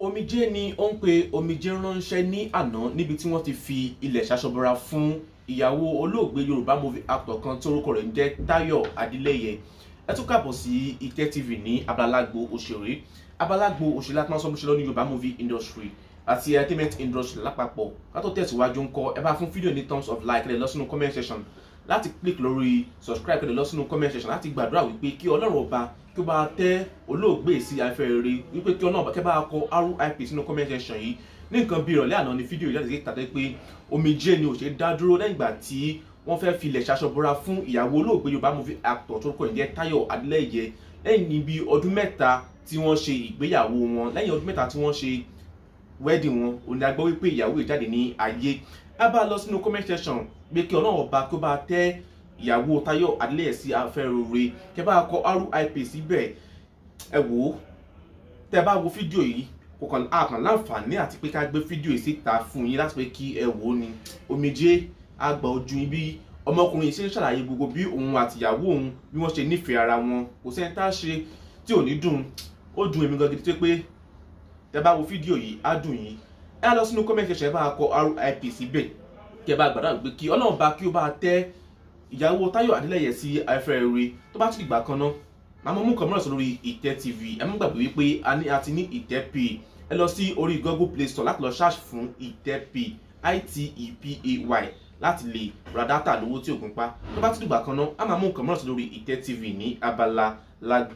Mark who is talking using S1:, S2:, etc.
S1: omijé ni ó ń pe omijé ránṣẹ́ ní àná níbi tí wọ́n ti fi ilẹ̀ ṣaṣọbọra fún ìyàwó olóògbé yorùbá movie actor kan tórúkọ rẹ̀ ń jẹ́ táyọ̀ adélẹ́yẹ ẹ tún kàbọ̀ sí ìtẹ́ tv ní abalágbo òṣèré abalágbo òṣèré láti máa sọ múṣẹ́ lọ ní yorùbá movie industry àti entertainment industry lápapọ̀ látò tẹ̀síwájú ń kọ́ ẹ bá fún fídíò ní terms of like rẹ̀ lọ sínú comment section láti click lórí subscribe kí lè lọ sínú comment section láti gbàdúrà wípé kí ọlọ́run ọba kí ó bá tẹ́ olóògbé sí afẹ́ rere wípé kí ọlọ́run ọba kẹ́ bá kọ RIP sínú comment section yìí ní nǹkan bí ìrọ̀lẹ́ àná ni fídíò ìjáde sí tàbí pé omijé ni ò ṣe dá dúró lẹ́yìn ìgbà tí wọ́n fẹ́ filẹ̀ ṣaṣọbora fún ìyàwó olóògbé yorùbá movie actor tó kọ̀ ìjẹ́ táyọ̀ adélẹ́yẹ lẹ́yìn bíi ọdún mẹ́ta tí wọ́n ṣe ìgbéyàwó wọn lẹ́yìn ọdún mẹ́ta tí wọ́n ṣe wedding wọn òní agbọ́ wípé ìyàwó ìjáde ní ayé ẹ bá lọ sínú comment section pé kí ọlọ́run ọba kó bá tẹ ìyàwó Táyọ̀ Adélẹ́yẹsí Afẹ́rọ̀rẹ́ kẹ bá kọ RIP síbẹ̀ ẹ wò ó tẹ bá wo fídíò yìí kò kàn á kàn láǹfààní àti pé ká gbé fídíò yìí síta fún yín láti pé kí ẹ wò ó ni omijé àgbà ojú ibi ọmọkùnrin yìí ṣe ń ṣàlàyé gbogbo bí òun àtìyàwó òun bí wọ́n ṣe nífẹ̀ẹ́ ara wọn kò sẹ́ni tá a ṣe tí ò ní dùn ó dùn èmi gan gidi tó pé tẹ bá wo fídíò yìí á dùn yín ẹ lọ sínú comment section bá kọ RIP síbẹ̀ kí ẹ bá gbàdúrà pé kí ọlọ́run bá kí ó bá tẹ́ ìyàwó Táyọ̀ Adélẹ́yẹ sí afẹ́rẹ́ rere tó bá tún ìgbà kan náà àmọ́ mú kàn mọ́rọ̀ sọ lórí ìtẹ́ tv ẹ mú gbàgbé wípé a ní a ti ní ìtẹ́ pay ẹ lọ sí orí google play store láti lọ search fún ìtẹ́ pay e itepay láti lè ra dátà lówó tí ògùn pa tó bá ti dùgbà kan náà a máa mú kàn mọ́rọ̀ sọ lórí ìtẹ́ tv ní abala lágbo.